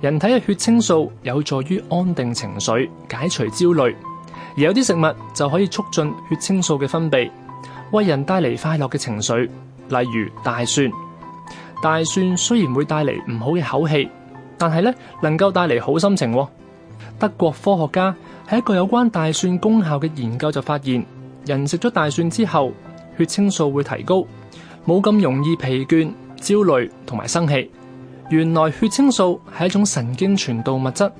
人體嘅血清素有助於安定情緒、解除焦慮，而有啲食物就可以促進血清素嘅分泌，為人帶嚟快樂嘅情緒。例如大蒜，大蒜雖然會帶嚟唔好嘅口氣，但係咧能夠帶嚟好心情喎。德國科學家喺一個有關大蒜功效嘅研究就發現，人食咗大蒜之後，血清素會提高，冇咁容易疲倦、焦慮同埋生氣。原來血清素係一種神經傳導物質，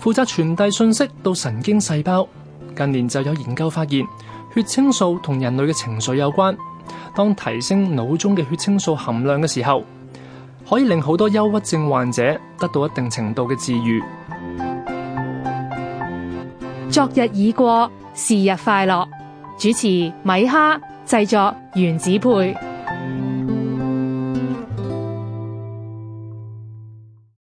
負責傳遞信息到神經細胞。近年就有研究發現，血清素同人類嘅情緒有關。當提升腦中嘅血清素含量嘅時候，可以令好多憂鬱症患者得到一定程度嘅治癒。昨日已過，是日快樂。主持米哈，製作原子配。